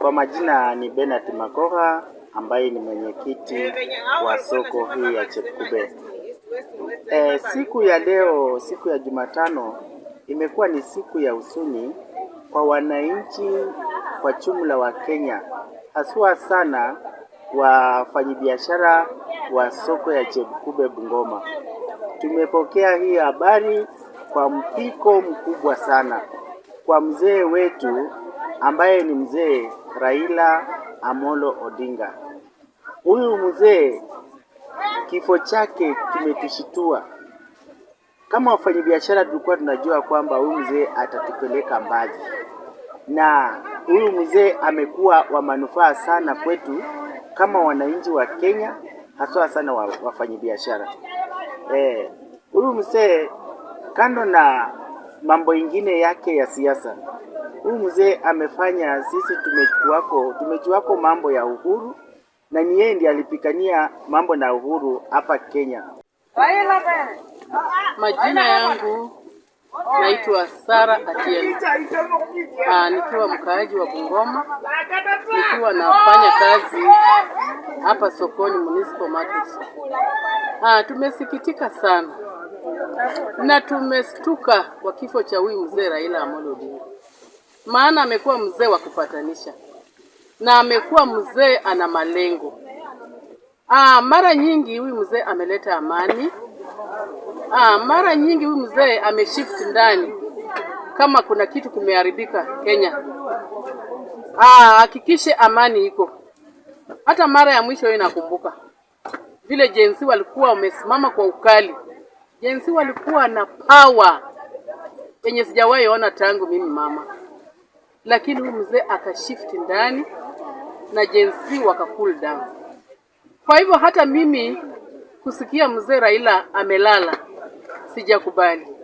Kwa majina ni Benard makora ambaye ni mwenyekiti wa soko hii ya Chepkube. E, siku ya leo, siku ya Jumatano imekuwa ni siku ya huzuni kwa wananchi kwa jumla wa Kenya, haswa sana wafanyabiashara wa soko ya Chepkube Bungoma. Tumepokea hii habari kwa mpiko mkubwa sana kwa mzee wetu ambaye ni mzee Raila Amolo Odinga. Huyu mzee kifo chake kimetushitua. Kama wafanyabiashara tulikuwa tunajua kwamba huyu mzee atatupeleka mbali, na huyu mzee amekuwa wa manufaa sana kwetu kama wananchi wa Kenya, haswa sana wafanyabiashara. Eh, huyu mzee kando na mambo ingine yake ya siasa huyu mzee amefanya sisi tumejuako, tumejuako mambo ya uhuru, na ni yeye ndiye alipigania mambo na uhuru hapa Kenya. Majina yangu naitwa Sara Atieno, ah, nikiwa mkaaji wa Bungoma, nikiwa nafanya kazi hapa sokoni municipal market. Ah, tumesikitika sana na tumestuka kwa kifo cha huyu mzee Raila Amolo Odinga maana amekuwa mzee wa kupatanisha na amekuwa mzee ana malengo. Aa, ah, mara nyingi huyu mzee ameleta amani. Aa, ah, mara nyingi huyu mzee ameshift ndani kama kuna kitu kimeharibika Kenya. Aa, ah, hakikishe amani iko. Hata mara ya mwisho inakumbuka vile jensi walikuwa wamesimama kwa ukali, jensi walikuwa na power yenye sijawahi ona tangu mimi mama lakini huyu mzee akashifti ndani na jenzi wakakul down. Kwa hivyo hata mimi kusikia mzee Raila amelala sijakubali.